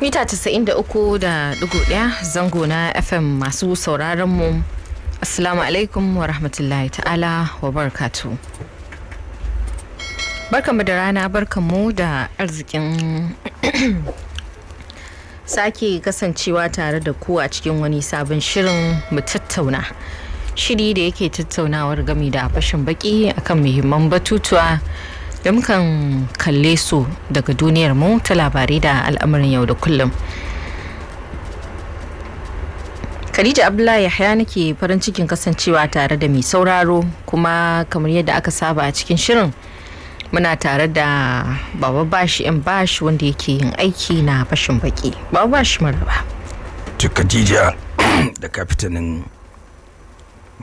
mita 93.1 zango na fm masu sauraron mu assalamu alaikum wa rahmatullahi ta'ala wa barkatu barkanmu da rana barkanmu da arzikin sake kasancewa tare da ku a cikin wani sabon shirin mu tattauna shiri da yake tattaunawar gami da fashin baki akan muhimman batutuwa da mukan kalle su daga duniyar mu ta labarai da al'amarin yau da kullum Khadija Abdullahi Yahya nake farin cikin kasancewa tare da mai sauraro kuma kamar yadda aka saba a cikin shirin muna tare da baba bashi yan bashi wanda yake yin aiki na bashin baki baba bashi maraba to Khadija da kafitanin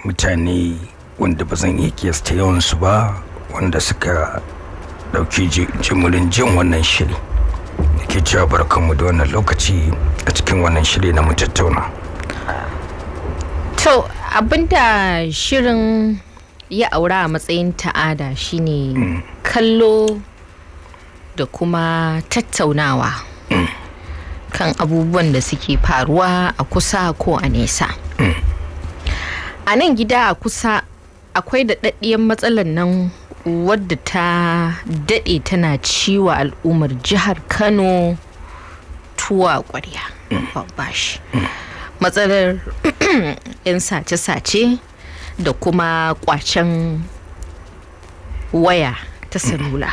mutane wanda ba zan iya kiyasta yawansu ba wanda suka ɗauki jimurin jin wannan shiri da ke cewa barkanmu da wannan lokaci a cikin wannan shiri na mutattauna. to abinda shirin ya aura a matsayin ta'ada shine mm. kallo da kuma tattaunawa mm. kan abubuwan da suke faruwa a kusa ko a nesa mm. a nan gida a kusa akwai da matsalar nan wadda ta daɗe tana ciwa al'ummar jihar kano tuwa ƙwarya babba shi matsalar 'yan sace-sace da kuma ƙwacen waya ta salula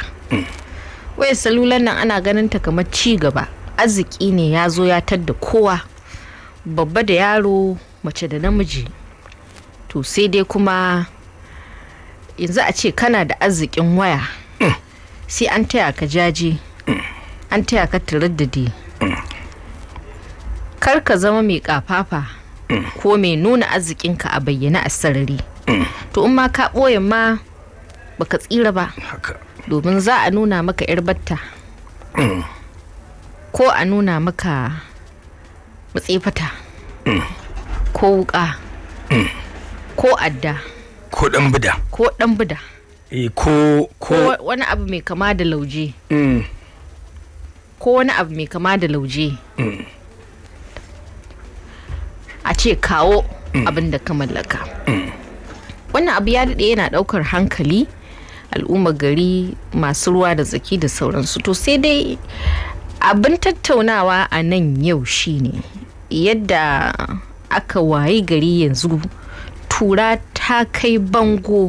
waya salular nan ana ganin ta kamar ci gaba arziki ne ya zo ya tar da kowa babba da yaro mace da namiji to sai dai kuma yanzu a ce kana da arzikin waya sai an taya ka jaji an taya ka taraddadi kar ka zama mai kafafa ko mai nuna arzikinka a bayyana a sarari to in ma ka ɓoye ma baka tsira ba domin za a nuna maka 'yar batta ko a nuna maka matsefata ko wuka ko adda ko dan bida ko dan bida e, eh, ko ko wani abu mai kama da lauje mm. ko wani abu mai kama da lauje mm. a ce kawo mm. abin da ka mallaka mm. wannan abu ya daɗe yana ɗaukar hankali al'umma gari masu ruwa da zaki da sauransu to sai dai abin tattaunawa a nan yau shine yadda aka wayi gari yanzu tura ta kai bango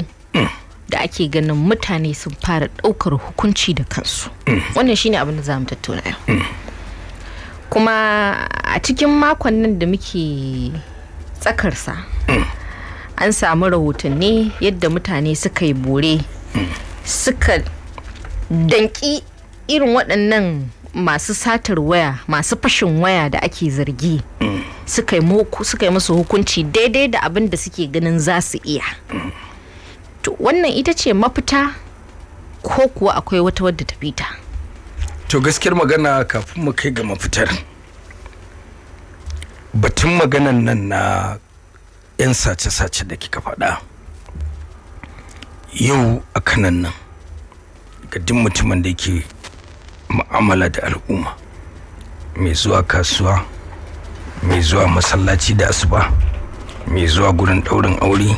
da ake ganin mutane sun fara ɗaukar hukunci da kansu wannan shine abin da za mu tattauna yau kuma a cikin makon nan da muke tsakarsa an samu rahotanni yadda mutane suka yi bore suka danki irin waɗannan masu satar waya masu fashin waya da ake zargi suka yi musu hukunci daidai da abin da suke ganin za su iya wannan ita ce mafita ko kuwa akwai wata wadda ta fita to gaskiyar magana kafin mu kai ga mafitar batun maganan nan na 'yan sace-sace da kika faɗa yau a kanan nan ga duk mutumin da yake mu'amala da al'umma mai zuwa kasuwa mai zuwa masallaci da asuba mai zuwa gurin daurin aure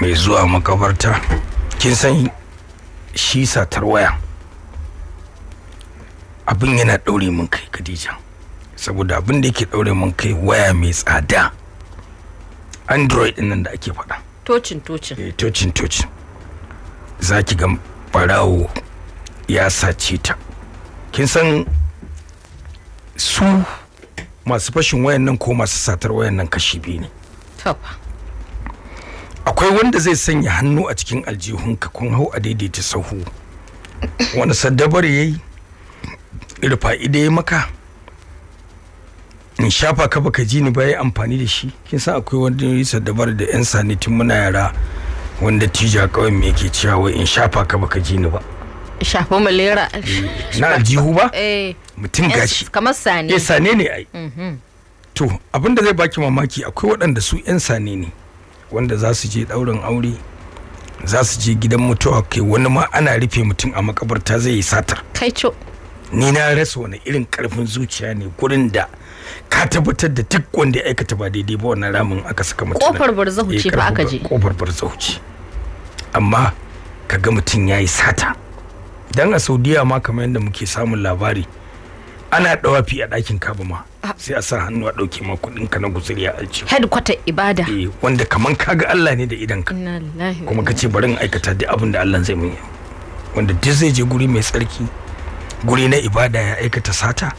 mai zuwa makabarta kin san shi satar waya abin yana daure min kai Khadija saboda abin da yake daure min kai waya mai tsada android ɗin nan da ake faɗa tocin tocin eh tocin tocin za ki ga barawo ya sace ta kin san su masu fashin wayan nan ko masu satar wayan nan kashi biyu ne akwai wanda zai sanya hannu a cikin aljihun ka kun hau a daidaita sahu wani saddabar ya yi irfa ida ya maka in shafa ka baka ji ni baya amfani da shi kin san akwai wani saddabar da yan sanitin muna yara wanda tija kawai me yake cewa in shafa ka baka ji ni ba shafa lera. na aljihu ba eh. mutum gashi kamar sane eh sane ne ai mhm. to abinda zai baki mamaki akwai waɗanda su 'yan sane ne wanda za su je ɗaurin aure za su je gidan mutuwa kai wani ma ana rufe mutum a makabarta zai yi satar kai ni na rasa wani irin karfin zuciya ne gurin da ka tabbatar da duk wanda ya aikata ba daidai ba wannan ramin aka saka mutum kofar barzahu ba eh, aka je kofar barzahu Amma amma kaga mutum yayi sata dan a saudiya ma kamar yadda muke samun labari ana dawafi a ɗakin kaba ma ah. sai a sa hannu a ɗauke ma kuɗin ka na guzuri a alci headquarter ibada eh wanda kaman kaga Allah ne da idan ka kuma ka ce bari in aikata duk abin da Allah zai mun wanda duk zai je guri mai tsarki guri na ibada ya aikata sata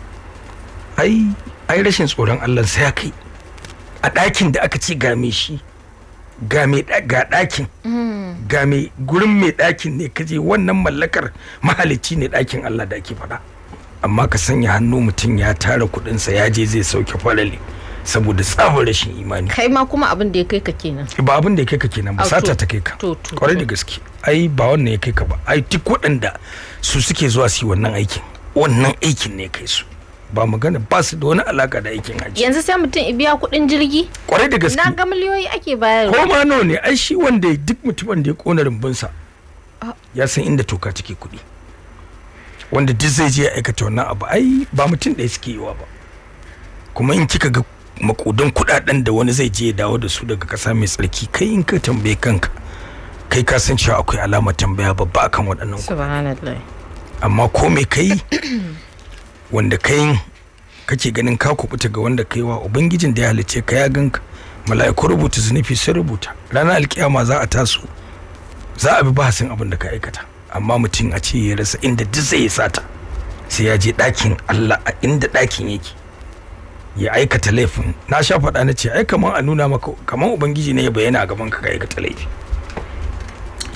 ai ai rashin tsoron Allah sai ya kai a ɗakin da aka ce game shi ga mai ga ɗakin ga mai gurin mai ɗakin ne kaje wannan mallakar mahalicci ne ɗakin Allah da ake faɗa amma ka sanya hannu mutum ya tara kuɗinsa ya je zai sauke falali saboda sabon rashin imani kai ma kuma abin da ya kai ka kenan ba abin da ya kai ka kenan ba sata ta kai ka kwarai da gaske ai ba wannan ya kai ka ba ai duk waɗanda su suke zuwa su yi wannan aikin wannan aikin ne kai su ba magana ba su da wani alaka da aikin hajji yanzu sai mutum ya biya kuɗin jirgi kwarai da gaske na ga miliyoyi ake bayarwa ko ma nawa ne ai shi wanda duk mutumin da ya kona sa ah. ya san inda toka take kuɗi wanda duk zai je ya aikata wannan abu ai ba mutum ɗaya suke yiwa ba kuma in kika ga makudan kuɗaɗen da wani zai je ya dawo da su daga kasa mai tsarki kai in ka tambaye kanka kai ka san cewa akwai alamar tambaya babba akan waɗannan subhanallah amma ko me kai wanda kai kake ganin ka kubuta ga wanda kaiwa ubangijin da ya halice ka ya ganka mala'iku rubuta zunufi sai rubuta ranar alkiyama za a taso za a bi bahasin abin da ka aikata amma mutum a ce ya rasa inda duk zai ya sata sai ya je ɗakin Allah a inda ɗakin yake ya aikata laifin na sha faɗa na ce ai kaman a nuna maka kaman ubangiji ne ya bayyana a gaban ka ka aikata laifi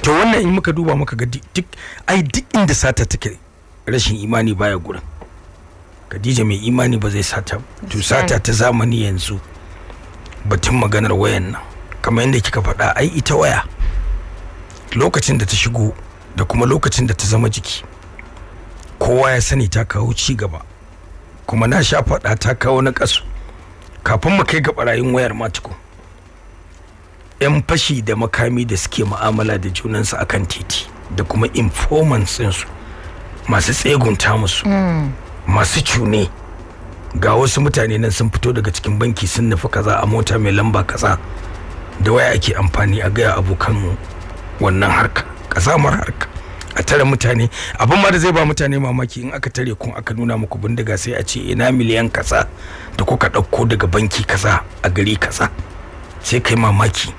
to wannan in muka duba muka ga duk ai duk inda sata take rashin imani baya gurin Khadija mai imani ba zai sata to sata ta zamani yanzu batun maganar wayan nan kamar yadda kika faɗa ai ita waya lokacin da ta shigo da kuma lokacin da ta zama jiki kowa ya sani ta kawo ci gaba kuma na sha faɗa ta kawo na ƙasu kafin mu kai ga ɓarayin wayar matuku yan fashi da makami da suke ma'amala da junansu akan titi da kuma informants ɗinsu masu tsegunta musu hmm. masu cune ga wasu mutane nan sun fito daga cikin banki sun nufi kaza a mota mai lamba kaza da waya ake amfani a gaya abokan wannan harka mar harka a tare mutane abin ma da zai ba mutane mamaki in aka tare kun aka nuna muku bindiga sai a ce ina miliyan kaza da kuka ɗauko daga banki kaza a gari kaza sai kai mamaki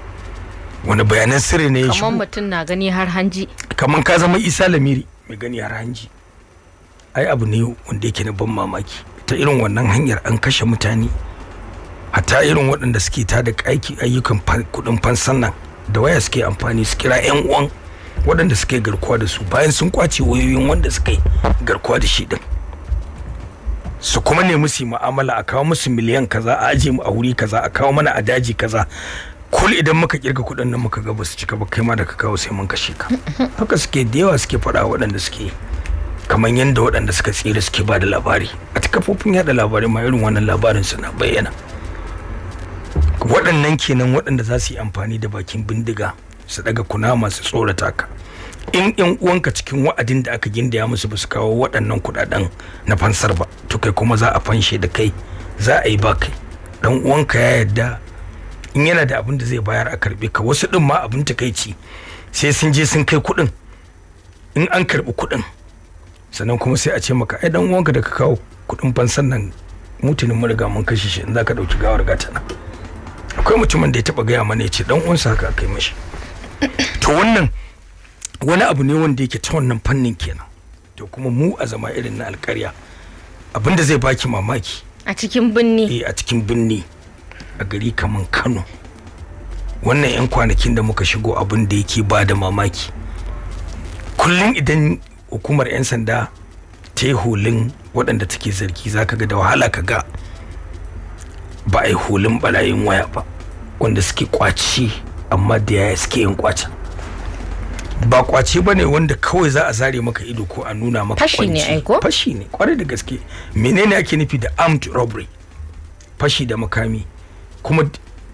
wani bayanan sirri ne ya kamar mutum na gani har hanji kamar ka zama isa lamiri mai gani har hanji ai abu ne wanda yake na ban mamaki ta irin wannan hanyar an kashe mutane hatta irin waɗanda suke ta da aiki ayyukan kuɗin fansan nan da waya suke amfani su kira yan uwan waɗanda suke garkuwa da su bayan sun kwace wayoyin wanda suke garkuwa da shi din su kuma nemi su mu'amala a kawo musu miliyan kaza a aje mu a wuri kaza a kawo mana a daji kaza kul idan muka kirga kuɗin nan muka ga ba su cika ba kai ma da ka kawo sai mun kashe ka haka suke da yawa suke faɗa waɗanda suke yi. kamar yadda waɗanda suka tsira suke ba da labari a ta kafofin yada labarai ma irin wannan labarin suna bayyana waɗannan kenan waɗanda za su yi amfani da bakin bindiga su daga kunama masu tsorata ka in yan uwanka cikin wa'adin da aka ginda ya musu ba su kawo waɗannan kuɗaɗen na fansar ba to kai kuma za a fanshe da kai za a yi ba kai dan uwanka ya yadda in yana da abin da zai bayar a karɓe ka wasu ɗin ma abin takaici sai sun je sun kai kuɗin in an karɓi kuɗin sannan kuma sai a ce maka ai dan uwanka da ka kawo kuɗin fansan nan mutunin mu riga mun kashe shi in zaka dauki gawar gata na. akwai mutumin da ya taba gaya mana ya ce dan uwansa haka kai mashi to wannan wani abu ne wanda yake ta wannan fannin kenan to kuma mu a zama irin na alƙarya abinda zai baki mamaki a cikin binni eh a cikin binni a gari kaman Kano wannan 'yan kwanakin da muka shigo abin da yake ba da mamaki kullum idan hukumar 'yan sanda ta yi holin waɗanda take zargi za ka ga da wahala ka ga ba a yi holin balayin waya ba wanda suke kwaci amma da yaya suke yin kwacin ba kwace ba ne wanda kawai za a zare maka ido ko a nuna maka fashi ne aiko fashi ne kwarai da gaske menene ake nufi da armed robbery fashi da makami kuma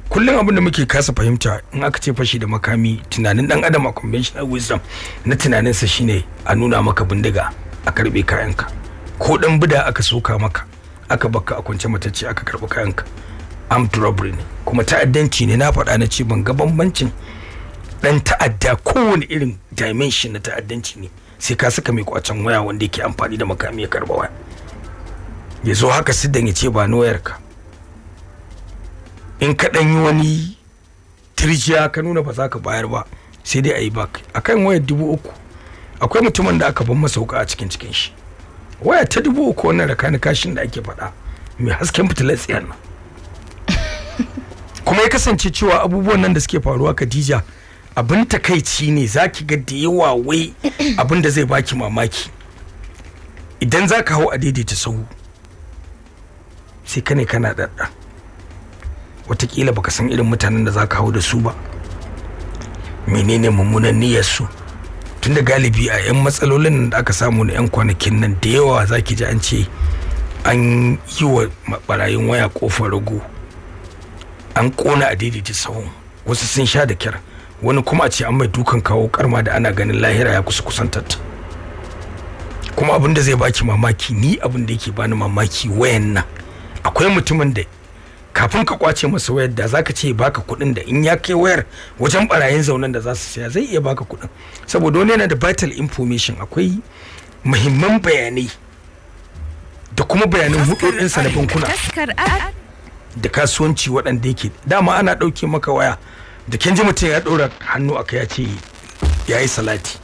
kullum abin da muke kasa fahimta in aka ce fashi da makami tunanin dan adam a conventional wisdom na tunanin sa shine a nuna maka bindiga a karbe kayanka ko dan bida aka soka maka aka baka a kwance matacce aka karbi kayanka am robbery ne kuma ta'addanci ne na faɗa na ce ban ga bambancin dan ta'adda kowane irin dimension na ta'addanci ne sai ka saka mai kwacen waya wanda yake amfani da makami ya karba waya ya haka sidan ya ce ba ka. in kaɗan yi wani tirjiya ka nuna ba za ka bayar ba sai dai a yi bak a kan wayar dubu uku akwai mutumin da aka ban masa wuka a cikin cikin shi waya ta dubu uku wannan raka kashin da ake faɗa mai hasken fitilar tsayar nan kuma ya kasance cewa abubuwan nan da suke faruwa Khadija abin takaici ne za ki ga da yawa wai abin da zai baki mamaki idan za ka hau a daidaita sahu sai ka ne kana ɗaɗɗa watakila baka san irin mutanen da zaka hau da su ba menene mummunan niyyar su tunda galibi a 'yan matsalolin da aka samu na 'yan kwanakin nan da yawa zaki ji an ce an yi wa barayin waya kofar rago an kona a daidaita sahun wasu sun sha da kyar wani kuma a ce an mai dukan kawo karma da ana ganin lahira ya kusa kusantar kuma abin da zai baki mamaki ni abin da yake bani mamaki wayan nan akwai mutumin da kafin ka kwace masa wayar da zaka ce baka kuɗin da in ya kai wayar wajen barayin zaunan da za su saya zai iya baka kuɗin saboda wani yana da vital information akwai muhimman bayanai da kuma bayanan hudodinsa na bankuna da kasuwanci waɗanda yake dama ana ɗauke maka waya da kin ji mutum ya ɗora hannu aka ya ce ya yi salati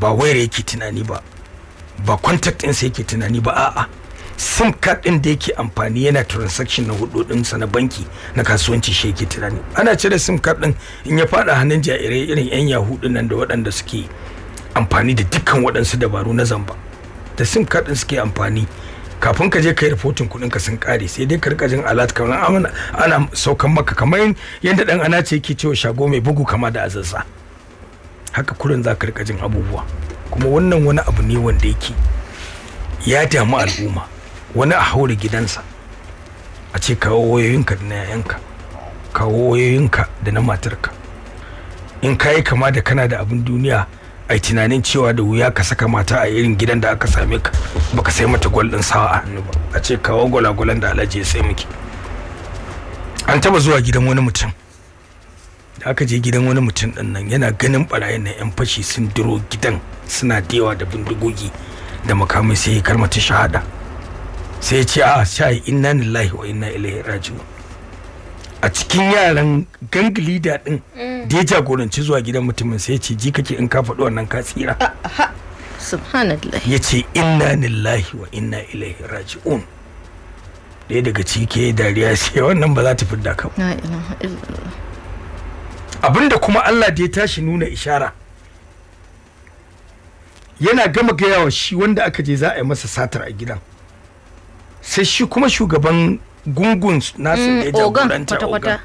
ba wayar yake tunani ba ba contact ɗinsa yake tunani ba a'a sim card din da yake amfani yana transaction na sa na banki na kasuwanci shi yake tunani ana cire sim card din in ya fada hannun jairai irin yan yahudu nan da waɗanda suke amfani da dukkan waɗansu dabaru na zamba da sim card din suke amfani kafin ka je kai yi kuɗin ka sun kare sai dai ka rika jin alert kamar ana ana saukan maka kamar yadda dan ana ce yake cewa shago mai bugu kama da azazza haka kurin za ka rika jin abubuwa kuma wannan wani abu ne wanda yake ya damu al'umma wani a hauri gidansa a ce kawo wayoyinka da na yayanka kawo wayoyinka da na matarka in ka yi kama da kana da abin duniya a tunanin cewa da wuya ka saka mata a irin gidan da aka same ka baka sai mata gwal din sawa a hannu ba a ce kawo gwalagwalan da alhaji ya sai miki an taba zuwa gidan wani mutum da aka je gidan wani mutum ɗin nan yana ganin ɓalayen na yan fashi sun duro gidan suna dewa da bindigogi da makamai sai ya karmata shahada sai ce a ah, sha inna lillahi wa inna ilaihi raji'un a cikin yaran gang da din mm. da ya jagoranci zuwa gidan mutumin sai ce ji kake in ka faɗi wannan ka tsira ah, subhanallah ya ce inna lillahi wa inna ilaihi raji'un ɗaya daga cike dariya sai wannan ba za ta fidda ka abinda kuma Allah da ya tashi nuna ishara yana gama gaya wa shi wanda aka je za a yi masa satar a gidan sai shi kuma shugaban gungun nasu mm, da ya jagoranta ogan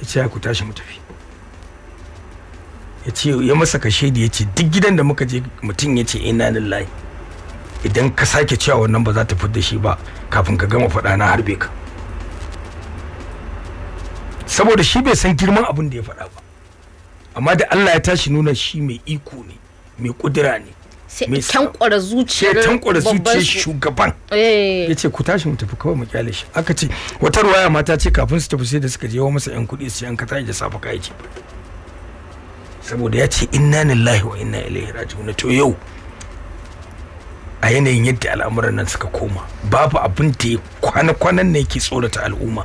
sai ce ku tashi mu tafi ya ce ya masa kashe da ya ce duk gidan da muka je mutum ya ce ina lillahi idan ka sake cewa wannan ba za ta da shi ba kafin ka gama faɗa na harbe ka saboda shi bai san girman abin da ya faɗa ba amma da Allah ya tashi nuna shi mai iko ne mai kudura ne sai tankwara zuciyar tankwara zuciyar shugaban eh. ya ce ku tashi mu tafi kawai mu kyale shi aka ce wata ruwaya mata ce kafin su tafi sai da suka je wa masa yan kuɗi su yanka tashi da safa kai ce saboda ya ce inna lillahi wa inna ilaihi raji'un to yau a yanayin yadda al'amuran nan suka koma babu abin da ya kwana-kwanan ne yake tsorata al'umma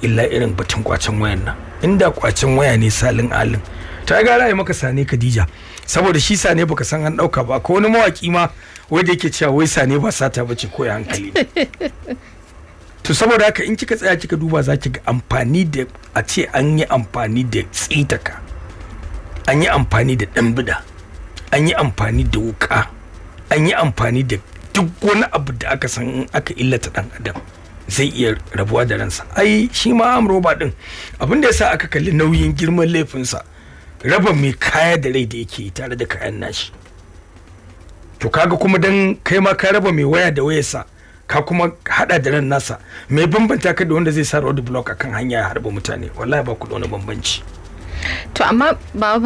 illa irin batun kwacen wayan nan inda kwacen waya ne salin alin ta gara yi maka sane khadija saboda shi sane baka san an dauka ba ko wani mawaki ma wai da yake cewa wai sane ba sata bace ko ya hankali to saboda haka in kika tsaya kika duba za ki ga amfani da a ce an yi amfani da tsitaka an yi amfani da dambida an yi amfani da wuka an yi amfani da duk wani abu da aka san in aka illata ɗan adam zai iya rabuwa da ransa ai shi ma amroba din abin da yasa aka kalli nauyin girman laifinsa raba mai kaya da rai da yake tare da kayan nashi to kaga kuma dan kai ma ka raba mai waya da wayarsa ka kuma hada da ran nasa mai bambanta ka da wanda zai sa road block akan hanya ya harba mutane wallahi ba ku da wani bambanci to amma ba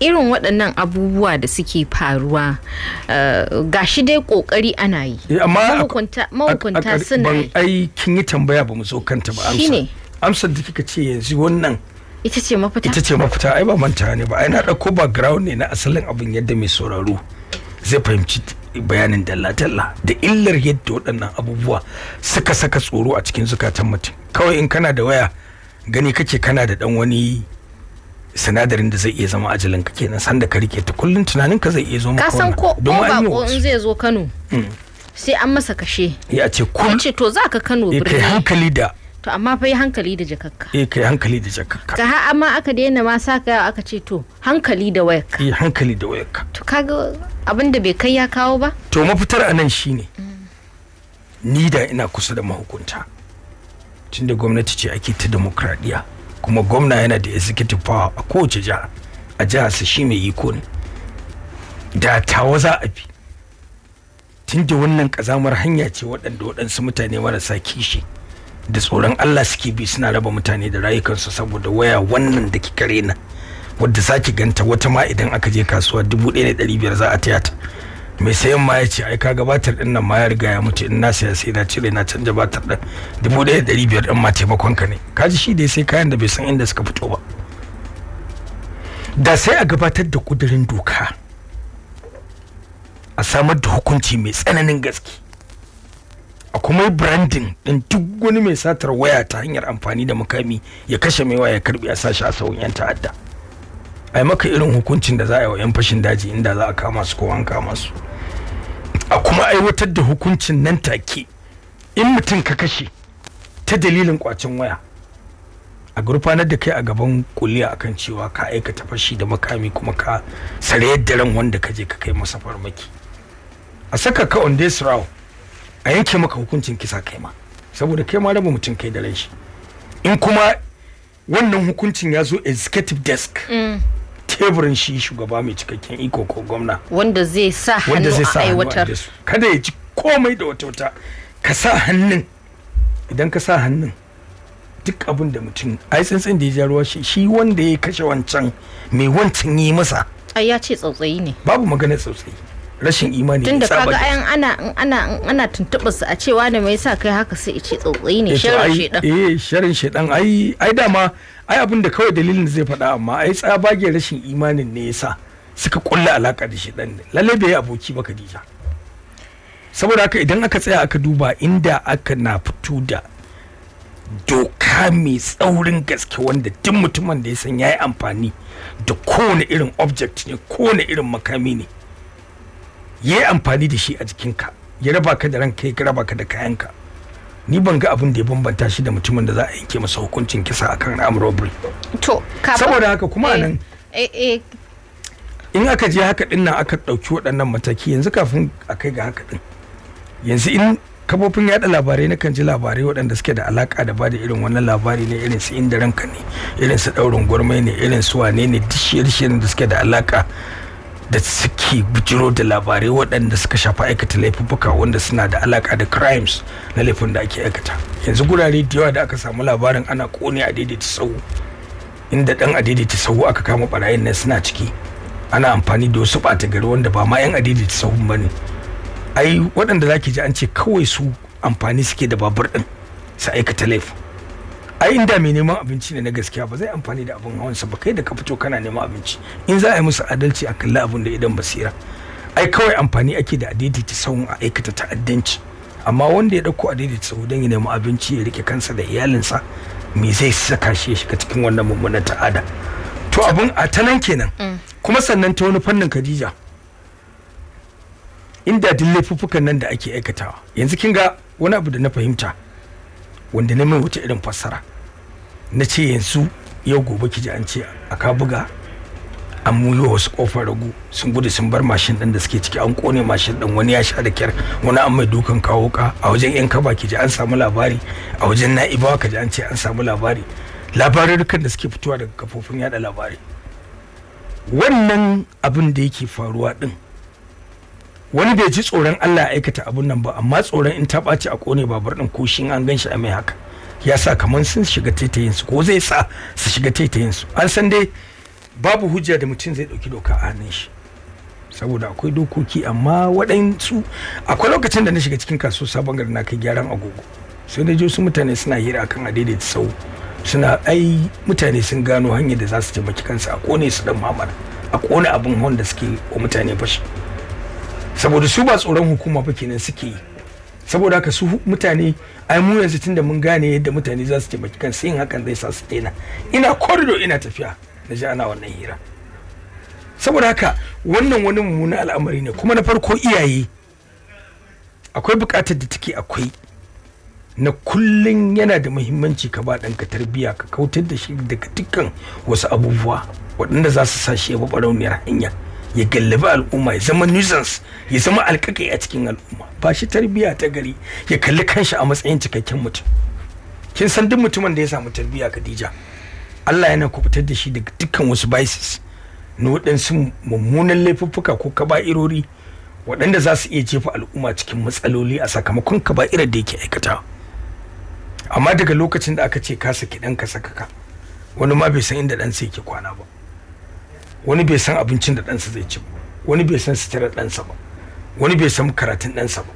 irin waɗannan abubuwa da suke faruwa eh, ga shi dai kokari ana yi eh, amma mahukunta suna yi ban ai kin yi tambaya ba mu zo kanta ba amsa amsar da kika ce yanzu wannan ita ce mafita ita ce mafita ai ba manta ne ba ai na dauko background ne na asalin abin yadda mai sauraro zai fahimci bayanin dalla-dalla da illar yadda waɗannan abubuwa suka saka tsoro a cikin zukatan mutum kawai in kana da waya gani kake kana da dan wani sinadarin da zai iya zama ajalin ka kenan sanda ka rike ta kullun tunanin ka zai iya zo maka kasan ko ko in zai zo Kano hmm. sai an masa kashe ya ce ko ce to za Kano eh, birni kai hankali da to amma fa yi hankali da jakakka eh kai hankali da jakakka ka har amma aka daina ma saka aka ce to hankali da wayarka eh hankali da wayarka to kaga abin da bai kai ya kawo ba to mafitar anan shine ni da ina kusa da mahukunta tunda gwamnati ce ake ta demokradiya kuma gwamna yana da executive power a kowace jiha a jihar su shi mai iko ne da tawa za a bi tunda wannan kazamar hanya ce waɗanda waɗansu mutane marasa kishi da tsoron Allah suke bi suna raba mutane da rayukansu saboda waya wannan da kika rena wadda sake ganta wata ma idan aka je kasuwa dubu ɗaya da ɗari biyar za a taya ta mai sayan ma ya ce ai ka gabatar ɗin nan ma ya riga ya mutu in na saya sai na cire na canja batar ɗin dubu ɗaya da ɗari biyar ɗin ma taimakon ka ne Ka ji shi da sai kayan da bai san inda suka fito ba da sai a gabatar da ƙudurin doka a samar da hukunci mai tsananin gaske a kuma branding din duk wani mai satar waya ta hanyar amfani da makami ya kashe mai waya ya karbi a sashi a sauyin yan ta'adda ai maka irin hukuncin da za a yi wa yan fashin daji inda za a kama su ko an kama su a kuma aiwatar da hukuncin nan take in mutum ka kashe ta dalilin kwacin waya a gurfanar da kai a gaban kuliya akan cewa ka aikata fashi da makami kuma ka sare yadda ran wanda ka je ka kai masa farmaki a saka ka on this a yanke maka hukuncin kisa kai ma saboda kai ma rabu mutum kai da ran shi in kuma wannan hukuncin ya zo executive desk mm. teburin shi shugaba mai cikakken iko ko gwamna wanda zai sa hannu a aiwatar kada ya ji komai da wata wata ka sa hannun idan ka sa hannun duk abin da mutum ai tsantsin da ya ja ruwa shi wanda ya kashe wancan mai wancan yi masa ai ya ce tsautsayi ne babu magana tsautsayi rashin imani da kaga ayan ana ana ana tuntuɓa su a cewa ne mai sa kai haka sai ice tsotsi ne sharin shedan eh sharin eh, shedan ai ai dama ai abin da kawai dalilin zai faɗa amma ai tsabage rashin imanin ne yasa suka kulla alaka da shedan ne lalle bai aboki ba Khadija saboda haka idan aka tsaya aka duba inda aka na fito da doka mai tsaurin gaske wanda duk mutumin da ya san ya yi amfani da kowane irin object ne kowane irin makami ne ya yi amfani da shi a jikinka ya raba ka da ranka ya raba ka da kayanka ni ban ga abin da ya bambanta shi da mutumin da za a yanke masa hukuncin kisa a kan arm robbery to saboda haka kuma nan eh, eh, eh. in aka je haka din nan aka ɗauki waɗannan mataki yanzu kafin a kai ga haka din yanzu in kafofin yaɗa labarai na kan ji labarai waɗanda suke da alaka da bada irin wannan labari ne irin su inda ranka ne irin su ɗaurin gwarmai ne irin su wane ne duk da suke da alaka da suke bujiro da labarai waɗanda suka shafa aikata laifuka wanda suna da alaka da crimes na laifin da ake aikata yanzu gurare da yawa da aka samu labarin ana kone a daidaita sau inda dan a daidaita sau aka kama barayin nan suna ciki ana amfani da wasu ɓata gari wanda ba ma yan a daidaita sau ba ne ai waɗanda zaki ji an ce kawai su amfani suke da babur din su aikata laifin ai inda mai neman abinci ne na gaskiya ba zai amfani da abin hawansa ba kai da ka fito kana neman abinci in za a yi musu adalci a kalli abin da idan basira ai kawai amfani ake da ta sauran a aikata ta'addanci amma wanda ya dauko ta sau don ya nemi abinci ya rike kansa da iyalinsa me zai saka shi ya shiga cikin wannan mummunan ta'ada to abin a ta nan kenan mm. kuma sannan ta wani fannin Khadija inda duk laifuffukan nan da ake aikatawa yanzu kin ga wani abu da na fahimta wanda na mai wuce irin fassara na ce yanzu yau gobe ki ji an ce a ka buga an muyo wasu kofar ragu sun gudu sun bar mashin ɗin da suke ciki an kone mashin ɗin wani ya sha da kyar wani an mai dukan kawo ka a wajen yan kaba ki ji an samu labari a wajen na'ibawa ka ji an ce an samu labari labarurukan da suke fitowa daga kafofin yada labari wannan abin da yake faruwa ɗin wani bai ji tsoron Allah ya aikata abun nan ba amma tsoron in ta ɓaci a kone babur ɗin ko shin an gan shi a mai haka ya sa kamar sun shiga taitayinsu ko zai sa su shiga taitayinsu an san dai babu hujja da mutum zai ɗauki doka a hannun shi saboda akwai dokoki amma waɗansu akwai lokacin da na shiga cikin kasuwa sabon gari na kai gyaran agogo sai na ji wasu mutane suna hira akan daidaita sau suna ai mutane sun gano hanyar da za su taimaki kansu a kone su dan mamara a kone abin honda suke wa mutane fashi saboda su ba tsoron hukuma ba kenan suke yi saboda haka su mutane ai mu yanzu tunda mun gane yadda mutane za su taimaki kan yin hakan zai sa su daina ina korido ina tafiya na ji ana wannan hira saboda haka wannan wani mummunan al'amari ne kuma na farko iyaye akwai bukatar da take akwai na kullum yana da muhimmanci ka ba ɗanka tarbiyya ka kautar da shi daga dukkan wasu abubuwa waɗanda za su sa shi ya hanya ya gallabi al'umma ya zama nuisance ya zama alƙaƙai a cikin al'umma ba shi tarbiyya ta gari ya kalli kanshi a matsayin cikakken mutum kin san duk mutumin da ya samu tarbiyya Khadija Allah yana kubutar da shi daga dukkan wasu biases na waɗansu mummunan laifuffuka ko kaba'irori waɗanda za su iya jefa al'umma cikin matsaloli a sakamakon kaba'irar da yake aikata amma daga lokacin da aka ce ka saki ɗan ka saka ka wani ma bai san inda ɗansa yake kwana ba wani bai san abincin da ɗansa zai ci ba wani bai san sutura ɗansa ba wani bai san karatun ɗansa ba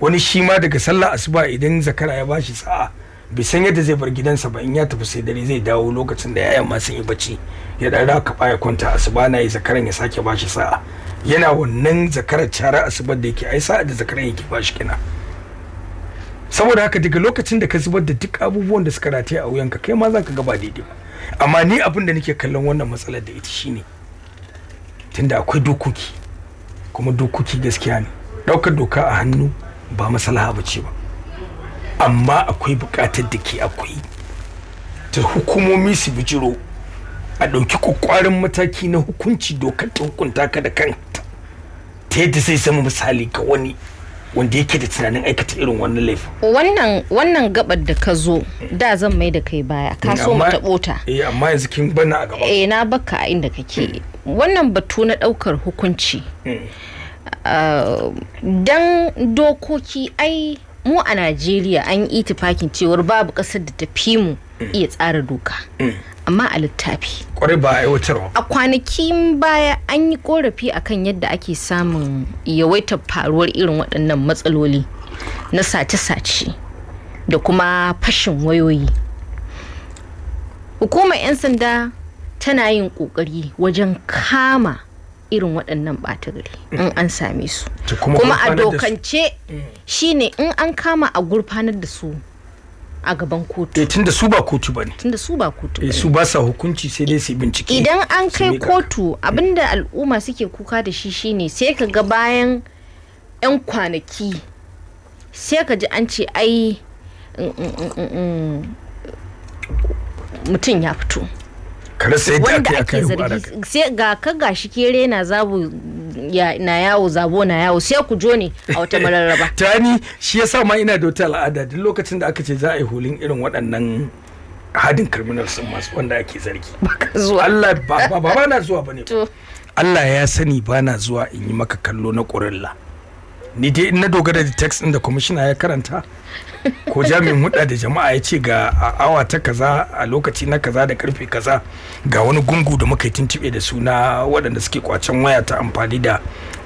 wani shi ma daga sallah asuba idan zakara ya bashi sa'a bai san yadda zai bar gidansa ba in ya tafi sai dare zai dawo lokacin da yayan ma sun yi bacci ya dan raka ya kwanta asuba na yi zakaran ya sake bashi sa'a yana wannan zakarar cara asubar da yake ai sa'a da zakaran yake bashi kina saboda haka daga lokacin da ka zubar da duk abubuwan da suka rataye a wuyanka kai ma za ka ga daidai amma ni abin da nake kallon wannan matsalar da ita shine tunda akwai dokoki kuma dokoki gaskiya ne ɗaukar doka a hannu ba maslaha ba ba amma akwai buƙatar da ke akwai ta hukumomi su bijiro a ɗauki kwakwarin mataki na hukunci dokar ta hukunta ka da kanta ta yadda zai zama misali ga wani wanda yake da tunanin aikata irin wannan laifin wannan wannan gabar da ka zo da zan mai da kai baya ka so mu taɓo ta eh amma yanzu kin bana a gaba eh na baka a inda kake wannan batu na ɗaukar hukunci hmm. eh, dan dokoki ai mu a Najeriya an yi itifakin cewar babu ƙasar da ta fi mu hmm. iya tsara doka hmm. amma a littafi kwarai ba aiwatarwa a kwanakin baya an yi korafi akan yadda ake samun yawaitar faruwar irin waɗannan matsaloli na sace-sace da kuma fashin wayoyi hukumar 'yan sanda tana yin ƙoƙari wajen kama irin waɗannan ɓata gari in an same su kuma a dokance mm. shine in an kama a gurfanar da su a gaban kotu tun eh, tunda su ba kotu bane tunda su ba kotu bane eh, su ba sa hukunci sai dai su bincike idan an kai kotu abinda al'umma suke kuka da shi shine sai ka ga bayan yan kwanaki sai ka ji an ce ai mm, mm, mm, mutum ya fito wanda ake zargi ga ka gashi ke rena zabu ya na yawo zabo na yawo sai ku jo ne a wata mararraba tani shi yasa ma ina da wata al'ada duk lokacin da aka ce za a yi hulin irin waɗannan hadin criminal sun masu wanda ake zargi zuwa Allah ba ba na zuwa ne. Allah ya sani ba na zuwa in yi maka kallo na ƙurilla ni dai in na dogara da text din da kwamishina ya karanta ko jami'in hudu da jama'a ya ce ga awa ta kaza a lokaci na kaza da karfe kaza ga wani gungu da muka yi tuntube da suna waɗanda suke kwacen waya ta amfani da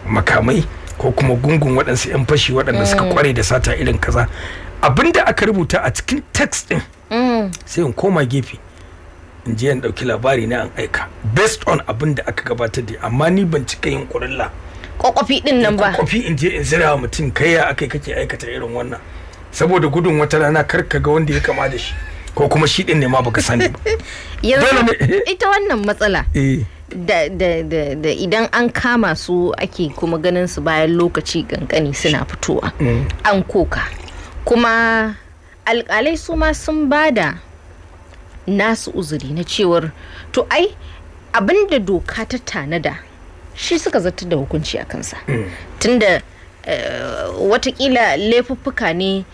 makamai ko kuma gungun waɗansu 'yan fashi waɗanda suka kware mm. da sata irin kaza abinda aka rubuta a cikin text ɗin mm. sai in koma gefe in je in ɗauki labari na an aika based on abin da aka gabatar da amma ni ban cika yin kurilla kwakwafi din nan ba kwakwafi in je in zira mutum kai ya akai kake aikata irin wannan saboda gudun wata rana kar ka ga wanda ya kama da shi ko kuma shi din ne ma baka sani ba yanzu eh. ita wannan matsala eh. da, da, da, da idan an kama su ake kuma ganin su bayan lokaci kankani suna fitowa mm. an koka kuma alkalai su ma sun bada nasu uzuri na cewar to ai abinda doka ta tanada shi suka zartar da hukunci a kansa mm. tunda eh, watakila laifuffuka ne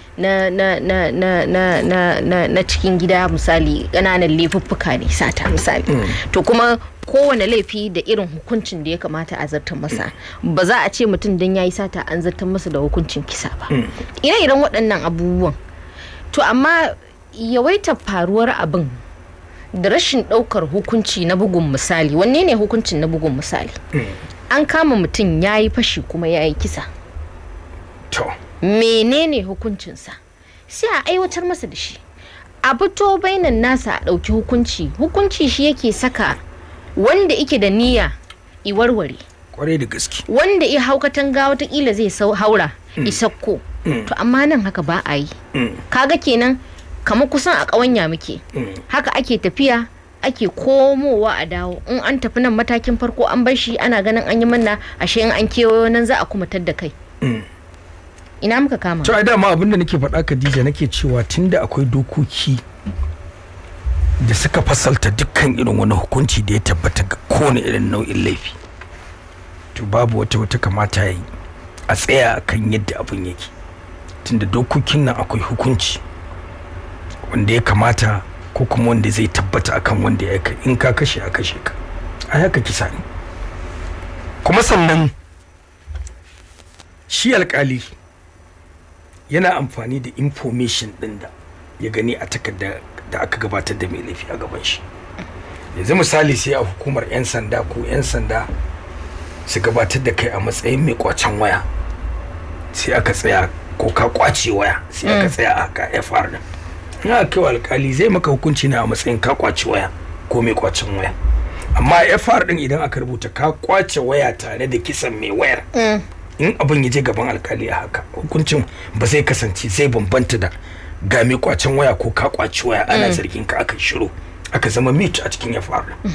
na cikin gida misali ƙananan laifuffuka ne sata misali mm. to kuma kowane laifi da irin hukuncin da ya kamata a zartar masa ba za a ce mutum don ya yi sata an zartar masa da hukuncin kisa ba mm. ire-iren waɗannan abubuwan to amma yawaitar faruwar abin da rashin ɗaukar hukunci na bugun misali wanne ne hukuncin na bugun misali an kama mutum ya yi fashi kuma ya yi kisa to menene hukuncinsa sai a aiwatar masa da shi a fito bainan nasa a ɗauki hukunci hukunci shi yake saka wanda ike da niyya warware kwarai da gaske wanda ya hau katanga watakila zai haura mm. isakko mm. to amma nan haka ba a yi mm. kaga kenan kamar kusan a ƙawanya muke mm. haka ake tafiya ake komowa a dawo in an tafi nan matakin farko an bar shi ana ganin an yi manna ashe in an kewayo nan za a kuma tadda kai mm. ina muka kama to ai dama abin da nake faɗa Khadija nake cewa tunda akwai dokoki da suka fasalta dukkan irin wani hukunci da ya tabbata ga kowane irin nau'in laifi to babu wata wata kamata yi a tsaya kan yadda abin yake tunda dokokin nan akwai hukunci wanda ya kamata ko kuma wanda zai tabbata akan wanda ya kai in ka kashe a kashe ka a haka kisa ne kuma sannan shi alkali yana amfani da information din da ya gani a takarda da aka gabatar da mai laifi a gaban shi yanzu misali sai a hukumar 'yan sanda ko 'yan sanda su gabatar da kai a matsayin mai kwacen waya sai aka tsaya ko ka kwace waya sai aka mm. tsaya a ka fr din ina kai alkali zai maka hukunci na a matsayin ka kwaci waya ko mai kwacin waya amma fr din idan aka rubuta ka kwace waya tare da kisan mai wayar mm. in abin ya je gaban alkali a haka hukuncin ba zai kasance zai bambanta da ga mai kwacin waya ko ka kwaci waya ana mm. zargin ka aka shiru aka zama mit a cikin fr mm.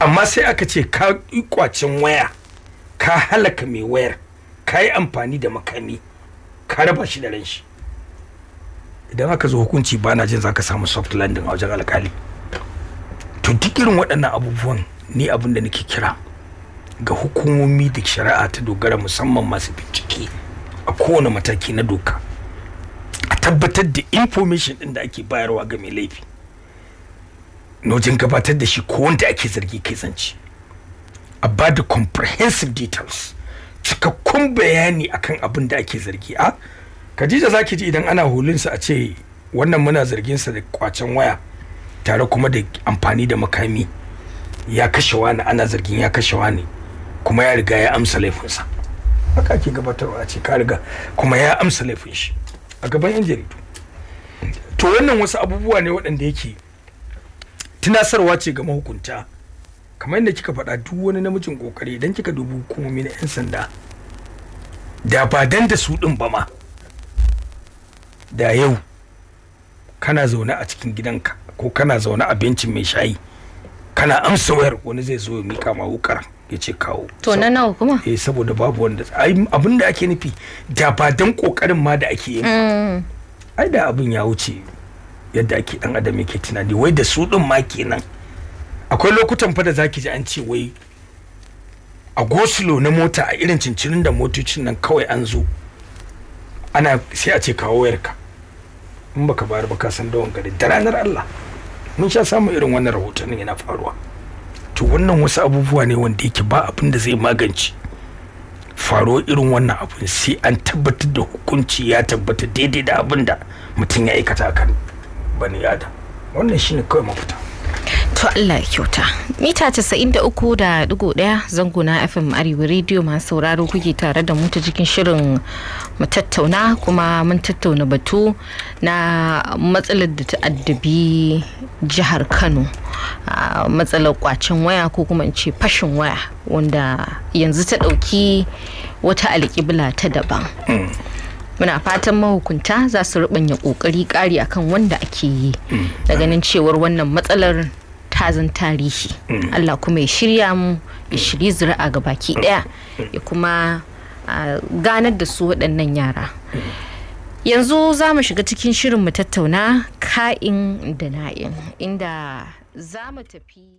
amma sai aka ce ka kwacin waya ka halaka mai wayar ka yi amfani da makami ka raba shi da ran idan aka zo hukunci ba na jin za ka samu soft landing a wajen alkali to duk irin waɗannan abubuwan ni abin da nake kira ga hukumomi da shari'a ta dogara musamman masu bincike a kowane mataki na doka a tabbatar da information ɗin da ake bayarwa ga mai laifi na wajen gabatar da shi ko wanda ake zargi kai zance, a ba da comprehensive details cikakkun bayani akan abin da ake zargi a Khadija zaki ji idan ana hulunsa a ce wannan muna zargin sa da kwacen waya tare kuma da amfani da makami ya kashe wani ana zargin ya kashe wani kuma ya riga ya amsa laifinsa haka ake gabatarwa a ce ka riga kuma ya amsa laifin shi a gaban yan jaridu to wannan wasu abubuwa ne waɗanda yake tunasarwa ce ga mahukunta kamar yadda kika faɗa duk wani namijin kokari idan kika dubi hukumomi na 'yan sanda da ba dan da su ɗin ba ma da yau kana zaune a cikin gidanka ko kana zaune a bencin mai shayi kana amsa wayar wani zai zo ya mika ma wukar ya ce kawo to na nawa kuma eh saboda babu wanda abin da ake nufi da ba dan kokarin ma da ake yi mm. ai da abin ya wuce yadda ake dan adam yake tunani wai da su din ma kenan akwai lokutan fa da zaki ji an ce wai a gosulo na mota a irin cincirin da motocin nan kawai an zo ana sai a ce kawo wayarka in baka bayar ba ka san dawon gari da ranar Allah mun sha samu irin wannan rahotannin yana faruwa to wannan wasu abubuwa ne wanda yake ba abin da zai magance faro irin wannan abin sai an tabbatar da hukunci ya tabbata daidai da abin da mutum ya aikata kan bani yada wannan shine kawai mafita To Allah ya kyauta. Mita 93 da dugu daya zango na FM Arewa Radio masu sauraro kuke tare da mu ta cikin shirin matattauna kuma mun tattauna batu na matsalar da ta'addabi jihar Kano. matsalar kwacin waya ko kuma in ce fashin waya wanda yanzu ta ɗauki wata alƙibla ta daban. muna fatan mahukunta za su rubanya kokari kari akan wanda ake yi mm. da ganin cewar wannan matsalar tazin tarihi Allah kuma ya shirya mu ya shirya zuri'a ga baki daya ya kuma ganar da su waɗannan yara yanzu za mu shiga cikin shirin mu tattauna ka'in da na'in inda za mu tafi